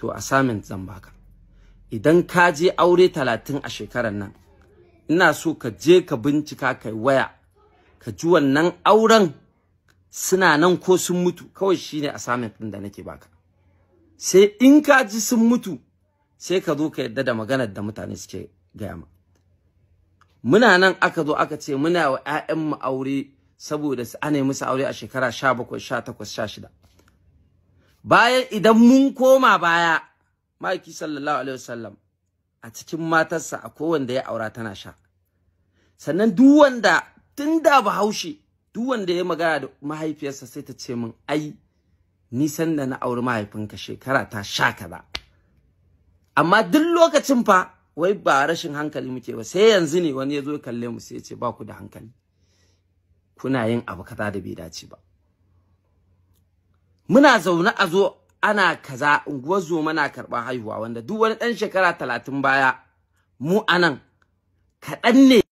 to assignment zan baka idan ka je aure talatin a shekarar nan ina so ka je ka bincika kai waya ka ji wannan auren suna nan ko sun mutu kawai shine assignment ɗin da nake baka sai in ka ji sun mutu sai ka zo ka yadda da maganar da mutane suke gaya ma muna nan aka zo aka ce muna wa 'ya'yanmu aure saboda su ana musu aure a shekara 17 18 16 bayan idan mun koma baya ma'aiki sallallahu alaihi wasallam a cikin matarsa a kowanda ya aura tana sha sannan duk wanda tun da bahaushe duk wanda ya magana da mahaifiyarsa sai ta ce min ai nisan da na auri mahaifinka shekara ta sha kaza amma duk lokacin fa wai ba rashin hankali muke ba sai yanzu ne wani ya zo kalle mu sai ya ce ba ku da hankali kuna yin abu kaza da bai dace ba muna zaune a zo ana kaza unguwar zoma na karɓar haihuwa wanda duk wani ɗan shekara talatin baya mu anan kaɗan ne